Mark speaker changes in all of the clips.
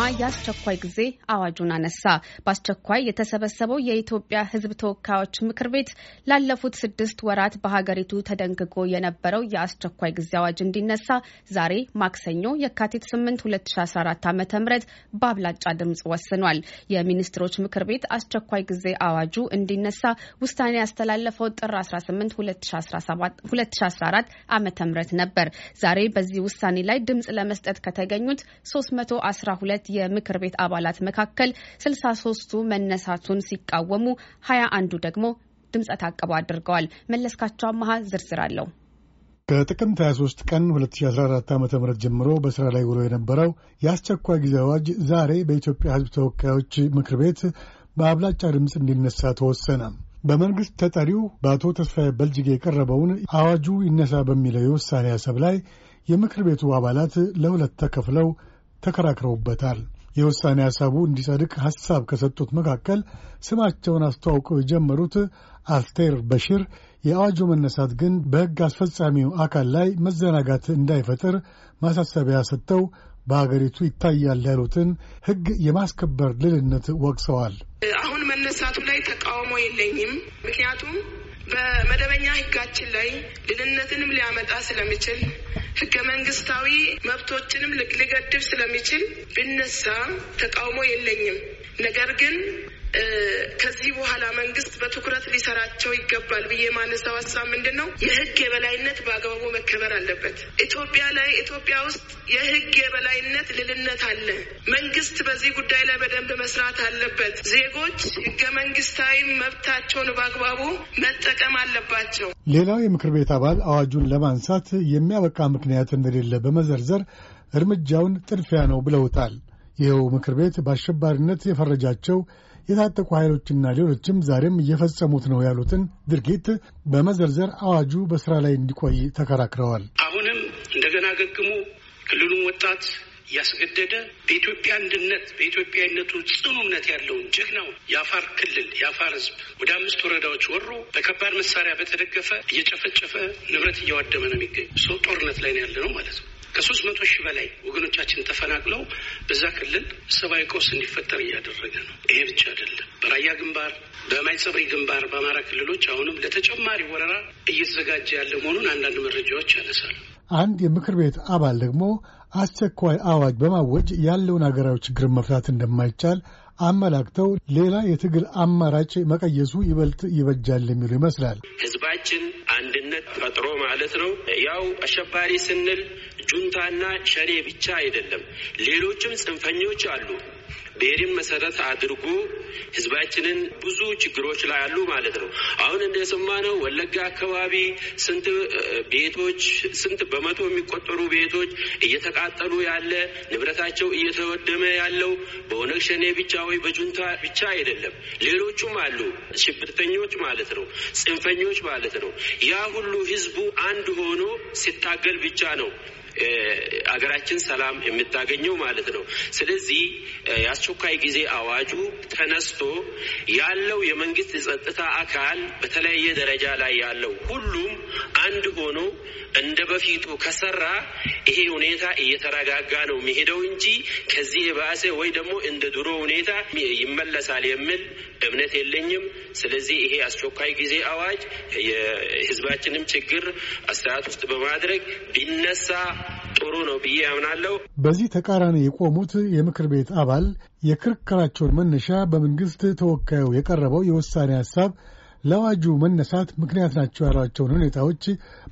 Speaker 1: ከተማ የአስቸኳይ ጊዜ አዋጁን አነሳ። በአስቸኳይ የተሰበሰበው የኢትዮጵያ ሕዝብ ተወካዮች ምክር ቤት ላለፉት ስድስት ወራት በሀገሪቱ ተደንግጎ የነበረው የአስቸኳይ ጊዜ አዋጅ እንዲነሳ ዛሬ ማክሰኞ የካቲት 8 2014 ዓ ም በአብላጫ ድምጽ ወስኗል። የሚኒስትሮች ምክር ቤት አስቸኳይ ጊዜ አዋጁ እንዲነሳ ውሳኔ ያስተላለፈው ጥር 18 2014 ዓ ም ነበር። ዛሬ በዚህ ውሳኔ ላይ ድምፅ ለመስጠት ከተገኙት 312 የምክር ቤት አባላት መካከል 63ቱ መነሳቱን ሲቃወሙ 21 አንዱ ደግሞ ድምፀ ታቅቦ አድርገዋል። መለስካቸው አመሀ ዝርዝር አለው።
Speaker 2: ከጥቅምት 23 ቀን 2014 ዓ ም ጀምሮ በሥራ ላይ ውሎ የነበረው የአስቸኳይ ጊዜ አዋጅ ዛሬ በኢትዮጵያ ሕዝብ ተወካዮች ምክር ቤት በአብላጫ ድምፅ እንዲነሳ ተወሰነ። በመንግሥት ተጠሪው በአቶ ተስፋዬ በልጅጌ የቀረበውን አዋጁ ይነሳ በሚለው የውሳኔ ሐሳብ ላይ የምክር ቤቱ አባላት ለሁለት ተከፍለው ተከራክረውበታል። የውሳኔ ሀሳቡ እንዲጸድቅ ሀሳብ ከሰጡት መካከል ስማቸውን አስተዋውቀው የጀመሩት አስቴር በሽር የአዋጁ መነሳት ግን በሕግ አስፈጻሚው አካል ላይ መዘናጋት እንዳይፈጥር ማሳሰቢያ ሰጥተው በሀገሪቱ ይታያል ያሉትን ሕግ የማስከበር ልልነት ወቅሰዋል።
Speaker 3: አሁን መነሳቱ ላይ ተቃውሞ የለኝም። ምክንያቱም በመደበኛ ሕጋችን ላይ ልልነትንም ሊያመጣ ስለሚችል ህገ መንግስታዊ መብቶችንም ሊገድብ ስለሚችል ብነሳ ተቃውሞ የለኝም። ነገር ግን ከዚህ በኋላ መንግስት በትኩረት ሊሰራቸው ይገባል ብዬ ማነሳው ሀሳብ ምንድን ነው? የህግ የበላይነት በአግባቡ መከበር አለበት። ኢትዮጵያ ላይ ኢትዮጵያ ውስጥ የህግ የበላይነት ልልነት አለ። መንግስት በዚህ ጉዳይ ላይ በደንብ መስራት አለበት። ዜጎች ህገ መንግስታዊ መብታቸውን በአግባቡ መጠቀም
Speaker 2: አለባቸው። ሌላው የምክር ቤት አባል አዋጁን ለማንሳት የሚያበቃ ምክንያት እንደሌለ በመዘርዘር እርምጃውን ጥድፊያ ነው ብለውታል። ይኸው ምክር ቤት በአሸባሪነት የፈረጃቸው የታጠቁ ኃይሎችና ሌሎችም ዛሬም እየፈጸሙት ነው ያሉትን ድርጊት በመዘርዘር አዋጁ በስራ ላይ እንዲቆይ ተከራክረዋል። አሁንም
Speaker 3: እንደገና ገግሞ ክልሉን ወጣት እያስገደደ በኢትዮጵያ አንድነት በኢትዮጵያዊነቱ ጽኑ እምነት ያለውን ጀግናው የአፋር ክልል የአፋር ሕዝብ ወደ አምስት ወረዳዎች ወሮ በከባድ መሳሪያ በተደገፈ እየጨፈጨፈ ንብረት እያዋደመ ነው የሚገኝ ሰው ጦርነት ላይ ነው ያለ ነው ማለት ነው። ከሶስት መቶ ሺህ በላይ ወገኖቻችን ተፈናቅለው በዛ ክልል ሰብአዊ ቀውስ እንዲፈጠር እያደረገ ነው። ይሄ ብቻ አይደለም። በራያ ግንባር፣ በማይጸብሪ ግንባር፣ በአማራ ክልሎች አሁንም ለተጨማሪ ወረራ እየተዘጋጀ ያለ መሆኑን አንዳንድ መረጃዎች ያነሳሉ።
Speaker 2: አንድ የምክር ቤት አባል ደግሞ አስቸኳይ አዋጅ በማወጅ ያለውን አገራዊ ችግር መፍታት እንደማይቻል አመላክተው ሌላ የትግል አማራጭ መቀየሱ ይበልጥ ይበጃል የሚሉ ይመስላል።
Speaker 3: ህዝባችን አንድነት ፈጥሮ ማለት ነው። ያው አሸባሪ ስንል ጁንታና ሸኔ ብቻ አይደለም፣ ሌሎችም ጽንፈኞች አሉ። ብሔርን መሰረት አድርጎ ህዝባችንን ብዙ ችግሮች ላይ አሉ ማለት ነው። አሁን እንደሰማነው ወለጋ አካባቢ ስንት ቤቶች ስንት በመቶ የሚቆጠሩ ቤቶች እየተቃጠሉ ያለ ንብረታቸው እየተወደመ ያለው በኦነግ ሸኔ ብቻ ወይ በጁንታ ብቻ አይደለም፣ ሌሎቹም አሉ። ሽብርተኞች ማለት ነው፣ ጽንፈኞች ማለት ነው። ያ ሁሉ ህዝቡ አንድ ሆኖ ሲታገል ብቻ ነው አገራችን ሰላም የምታገኘው ማለት ነው። ስለዚህ የአስቸኳይ ጊዜ አዋጁ ተነስቶ ያለው የመንግስት የጸጥታ አካል በተለያየ ደረጃ ላይ ያለው ሁሉም አንድ ሆኖ እንደ በፊቱ ከሰራ ይሄ ሁኔታ እየተረጋጋ ነው የሚሄደው እንጂ ከዚህ የባሰ ወይ ደግሞ እንደ ድሮ ሁኔታ ይመለሳል የሚል እምነት የለኝም። ስለዚህ ይሄ አስቸኳይ ጊዜ አዋጅ የህዝባችንም ችግር አስተያየት ውስጥ በማድረግ ቢነሳ ጥሩ ነው
Speaker 2: ብዬ ያምናለሁ። በዚህ ተቃራኒ የቆሙት የምክር ቤት አባል የክርክራቸውን መነሻ በመንግስት ተወካዩ የቀረበው የውሳኔ ሀሳብ ለአዋጁ መነሳት ምክንያት ናቸው ያሏቸውን ሁኔታዎች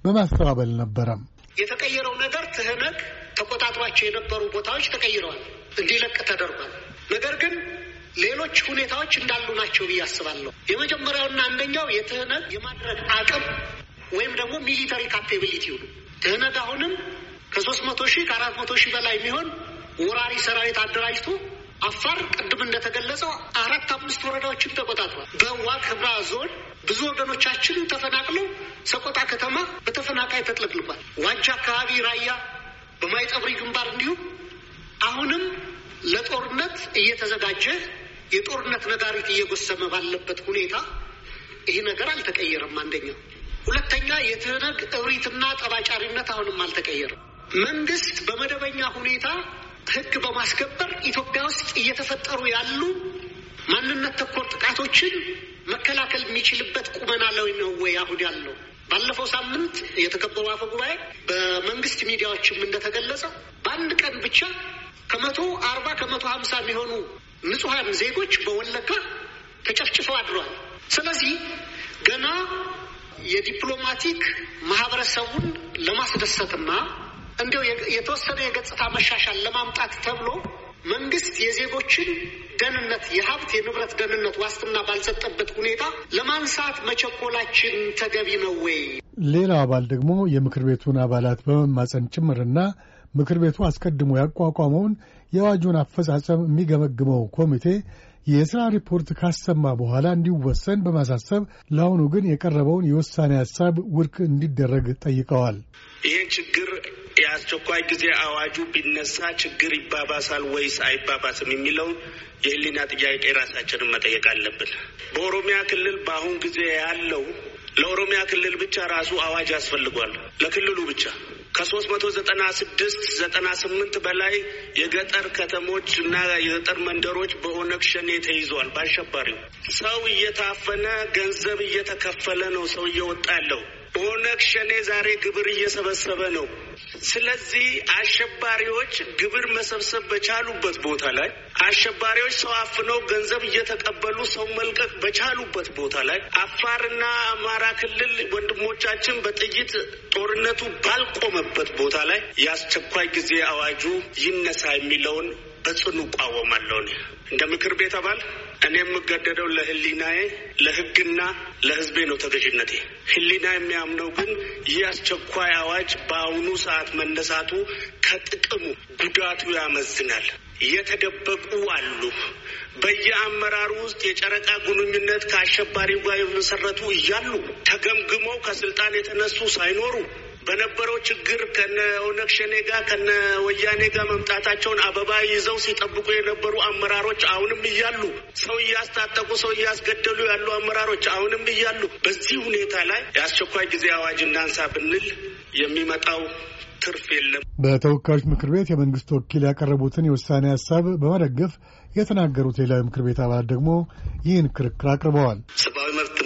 Speaker 2: በማስተባበል ነበረም።
Speaker 4: የተቀየረው ነገር ትህነግ ተቆጣጥሯቸው የነበሩ ቦታዎች ተቀይረዋል፣ እንዲለቅ ተደርጓል። ነገር ግን ሌሎች ሁኔታዎች እንዳሉ ናቸው ብዬ አስባለሁ። የመጀመሪያውና አንደኛው የትህነግ የማድረግ አቅም ወይም ደግሞ ሚሊተሪ ካፔቢሊቲ ሆኑ ትህነግ አሁንም ከሶስት መቶ ሺህ ከአራት መቶ ሺህ በላይ የሚሆን ወራሪ ሰራዊት አደራጅቶ አፋር ቅድም እንደተገለጸው አራት አምስት ወረዳዎችን ተቆጣጥሯል። በዋግ ህምራ ዞን ብዙ ወገኖቻችን ተፈናቅለው ሰቆጣ ከተማ በተፈናቃይ ተጥለቅልቋል። ዋጃ አካባቢ፣ ራያ፣ በማይጠብሪ ግንባር እንዲሁም አሁንም ለጦርነት እየተዘጋጀ የጦርነት ነጋሪት እየጎሰመ ባለበት ሁኔታ ይህ ነገር አልተቀየረም። አንደኛው። ሁለተኛ የትህነግ እብሪትና ጠባጫሪነት አሁንም አልተቀየረም። መንግስት በመደበኛ ሁኔታ ህግ በማስከበር ኢትዮጵያ ውስጥ እየተፈጠሩ ያሉ ማንነት ተኮር ጥቃቶችን መከላከል የሚችልበት ቁመና ላይ ነው ወይ አሁን ያለው? ባለፈው ሳምንት የተከበሩ አፈ ጉባኤ በመንግስት ሚዲያዎችም እንደተገለጸው በአንድ ቀን ብቻ ከመቶ አርባ ከመቶ ሀምሳ የሚሆኑ ንጹሐን ዜጎች በወለጋ ተጨፍጭፈው አድረዋል። ስለዚህ ገና የዲፕሎማቲክ ማህበረሰቡን ለማስደሰትና እንዲያው የተወሰነ የገጽታ መሻሻል ለማምጣት ተብሎ መንግስት የዜጎችን ደህንነት የሀብት የንብረት ደህንነት ዋስትና ባልሰጠበት ሁኔታ ለማንሳት መቸኮላችን ተገቢ ነው ወይ?
Speaker 2: ሌላው አባል ደግሞ የምክር ቤቱን አባላት በመማፀን ጭምርና ምክር ቤቱ አስቀድሞ ያቋቋመውን የአዋጁን አፈጻጸም የሚገመግመው ኮሚቴ የስራ ሪፖርት ካሰማ በኋላ እንዲወሰን በማሳሰብ ለአሁኑ ግን የቀረበውን የውሳኔ ሀሳብ ውድቅ እንዲደረግ ጠይቀዋል። ይህን ችግር
Speaker 5: የአስቸኳይ ጊዜ አዋጁ ቢነሳ ችግር ይባባሳል ወይስ አይባባስም የሚለው የህሊና ጥያቄ ራሳችንን መጠየቅ አለብን። በኦሮሚያ ክልል በአሁን ጊዜ ያለው ለኦሮሚያ ክልል ብቻ ራሱ አዋጅ ያስፈልጓል። ለክልሉ ብቻ ከሶስት መቶ ዘጠና ስድስት ዘጠና ስምንት በላይ የገጠር ከተሞች እና የገጠር መንደሮች በኦነግ ሸኔ ተይዘዋል። በአሸባሪው ሰው እየታፈነ ገንዘብ እየተከፈለ ነው ሰው እየወጣ ያለው። ኦነግ ሸኔ ዛሬ ግብር እየሰበሰበ ነው። ስለዚህ አሸባሪዎች ግብር መሰብሰብ በቻሉበት ቦታ ላይ አሸባሪዎች ሰው አፍነው ገንዘብ እየተቀበሉ ሰው መልቀቅ በቻሉበት ቦታ ላይ አፋርና አማራ ክልል ወንድሞቻችን በጥይት ጦርነቱ ባልቆመበት ቦታ ላይ የአስቸኳይ ጊዜ አዋጁ ይነሳ የሚለውን በጽኑ እቃወማለሁ። እንደ ምክር ቤት አባል እኔ የምገደደው ለህሊናዬ፣ ለህግና ለህዝቤ ነው ተገዥነቴ። ህሊና የሚያምነው ግን ይህ አስቸኳይ አዋጅ በአሁኑ ሰዓት መነሳቱ ከጥቅሙ ጉዳቱ ያመዝናል። የተደበቁ አሉ። በየአመራሩ ውስጥ የጨረቃ ግንኙነት ከአሸባሪው ጋር የመሰረቱ እያሉ ተገምግመው ከስልጣን የተነሱ ሳይኖሩ በነበረው ችግር ከነ ኦነግ ሸኔ ጋር ከነ ወያኔ ጋር መምጣታቸውን አበባ ይዘው ሲጠብቁ የነበሩ አመራሮች አሁንም እያሉ ሰው እያስታጠቁ ሰው እያስገደሉ ያሉ አመራሮች አሁንም እያሉ በዚህ ሁኔታ ላይ የአስቸኳይ ጊዜ አዋጅ እናንሳ ብንል የሚመጣው
Speaker 2: ትርፍ የለም። በተወካዮች ምክር ቤት የመንግስት ወኪል ያቀረቡትን የውሳኔ ሀሳብ በመደገፍ የተናገሩት ሌላው ምክር ቤት አባላት ደግሞ ይህን ክርክር አቅርበዋል።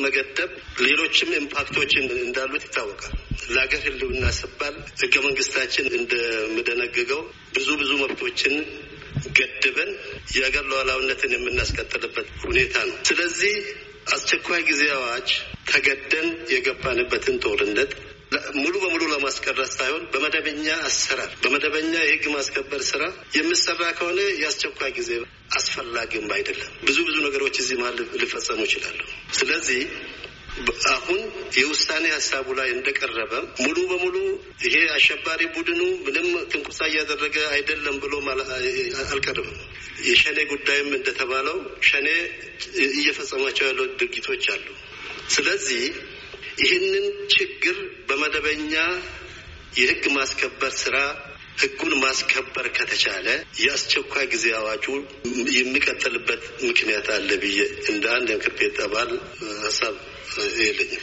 Speaker 6: መገደብ ሌሎችም ኢምፓክቶች እንዳሉት ይታወቃል። ለሀገር ሕልውና ሲባል ህገ መንግስታችን እንደምደነግገው ብዙ ብዙ መብቶችን ገድበን የሀገር ሉዓላዊነትን የምናስቀጥልበት ሁኔታ ነው። ስለዚህ አስቸኳይ ጊዜ አዋጅ ተገደን የገባንበትን ጦርነት ሙሉ በሙሉ ለማስቀረት ሳይሆን በመደበኛ አሰራር በመደበኛ የህግ ማስከበር ስራ የምሰራ ከሆነ የአስቸኳይ ጊዜ አስፈላጊም አይደለም። ብዙ ብዙ ነገሮች እዚህ መሀል ሊፈጸሙ ይችላሉ። ስለዚህ አሁን የውሳኔ ሀሳቡ ላይ እንደቀረበ ሙሉ በሙሉ ይሄ አሸባሪ ቡድኑ ምንም ትንኩሳ እያደረገ አይደለም ብሎ አልቀርብም። የሸኔ ጉዳይም እንደተባለው ሸኔ እየፈጸማቸው ያለው ድርጊቶች አሉ። ስለዚህ ይህንን ችግር በመደበኛ የህግ ማስከበር ስራ ህጉን ማስከበር ከተቻለ የአስቸኳይ ጊዜ አዋጁ የሚቀጥልበት ምክንያት አለ ብዬ እንደ አንድ ምክር ቤት አባል ሀሳብ የለኝም።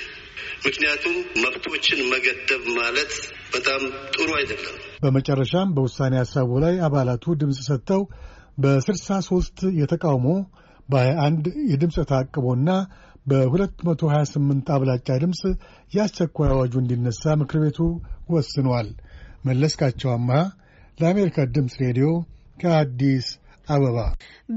Speaker 6: ምክንያቱም መብቶችን መገደብ ማለት በጣም ጥሩ አይደለም።
Speaker 2: በመጨረሻም በውሳኔ ሀሳቡ ላይ አባላቱ ድምፅ ሰጥተው በ ሶስት የተቃውሞ በ21 የድምፅ ተአቅቦና በ228 አብላጫ ድምፅ የአስቸኳይ አዋጁ እንዲነሳ ምክር ቤቱ ወስኗል። መለስካቸው አማሃ ለአሜሪካ ድምፅ ሬዲዮ ከአዲስ አበባ።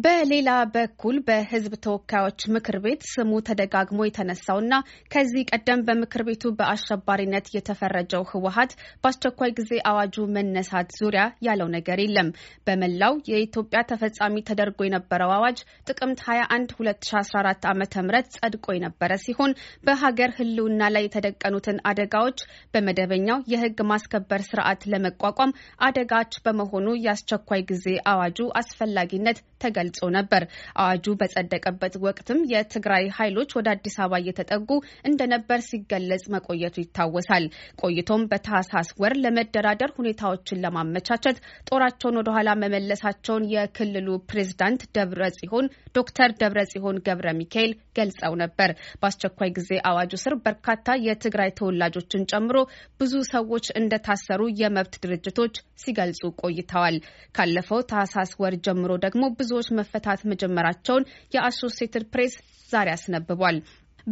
Speaker 1: በሌላ በኩል በህዝብ ተወካዮች ምክር ቤት ስሙ ተደጋግሞ የተነሳውና ከዚህ ቀደም በምክር ቤቱ በአሸባሪነት የተፈረጀው ህወሀት በአስቸኳይ ጊዜ አዋጁ መነሳት ዙሪያ ያለው ነገር የለም። በመላው የኢትዮጵያ ተፈጻሚ ተደርጎ የነበረው አዋጅ ጥቅምት 21 2014 ዓ ም ጸድቆ የነበረ ሲሆን በሀገር ህልውና ላይ የተደቀኑትን አደጋዎች በመደበኛው የህግ ማስከበር ስርዓት ለመቋቋም አደጋች በመሆኑ የአስቸኳይ ጊዜ አዋጁ አስፈላጊ አስፈላጊነት ተገልጾ ነበር። አዋጁ በጸደቀበት ወቅትም የትግራይ ኃይሎች ወደ አዲስ አበባ እየተጠጉ እንደነበር ሲገለጽ መቆየቱ ይታወሳል። ቆይቶም በታህሳስ ወር ለመደራደር ሁኔታዎችን ለማመቻቸት ጦራቸውን ወደኋላ መመለሳቸውን የክልሉ ፕሬዝዳንት ደብረ ጽሆን ዶክተር ደብረ ጽሆን ገብረ ሚካኤል ገልጸው ነበር። በአስቸኳይ ጊዜ አዋጁ ስር በርካታ የትግራይ ተወላጆችን ጨምሮ ብዙ ሰዎች እንደታሰሩ የመብት ድርጅቶች ሲገልጹ ቆይተዋል። ካለፈው ታህሳስ ወር ጀምሮ ደግሞ ብዙ ብዙዎች መፈታት መጀመራቸውን የአሶሴትድ ፕሬስ ዛሬ አስነብቧል።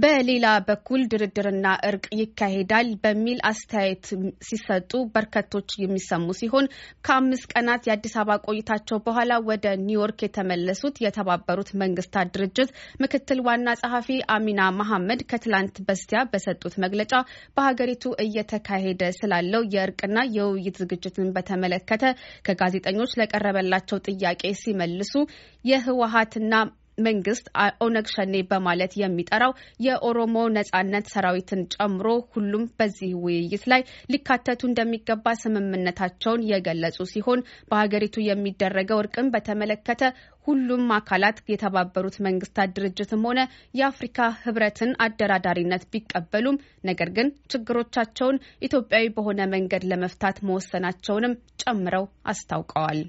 Speaker 1: በሌላ በኩል ድርድርና እርቅ ይካሄዳል በሚል አስተያየት ሲሰጡ በርከቶች የሚሰሙ ሲሆን ከአምስት ቀናት የአዲስ አበባ ቆይታቸው በኋላ ወደ ኒውዮርክ የተመለሱት የተባበሩት መንግስታት ድርጅት ምክትል ዋና ጸሐፊ አሚና መሐመድ ከትላንት በስቲያ በሰጡት መግለጫ በሀገሪቱ እየተካሄደ ስላለው የእርቅና የውይይት ዝግጅትን በተመለከተ ከጋዜጠኞች ለቀረበላቸው ጥያቄ ሲመልሱ የህወሀትና መንግስት ኦነግ ሸኔ በማለት የሚጠራው የኦሮሞ ነጻነት ሰራዊትን ጨምሮ ሁሉም በዚህ ውይይት ላይ ሊካተቱ እንደሚገባ ስምምነታቸውን የገለጹ ሲሆን በሀገሪቱ የሚደረገው እርቅን በተመለከተ ሁሉም አካላት የተባበሩት መንግስታት ድርጅትም ሆነ የአፍሪካ ህብረትን አደራዳሪነት ቢቀበሉም ነገር ግን ችግሮቻቸውን ኢትዮጵያዊ በሆነ መንገድ ለመፍታት መወሰናቸውንም ጨምረው አስታውቀዋል።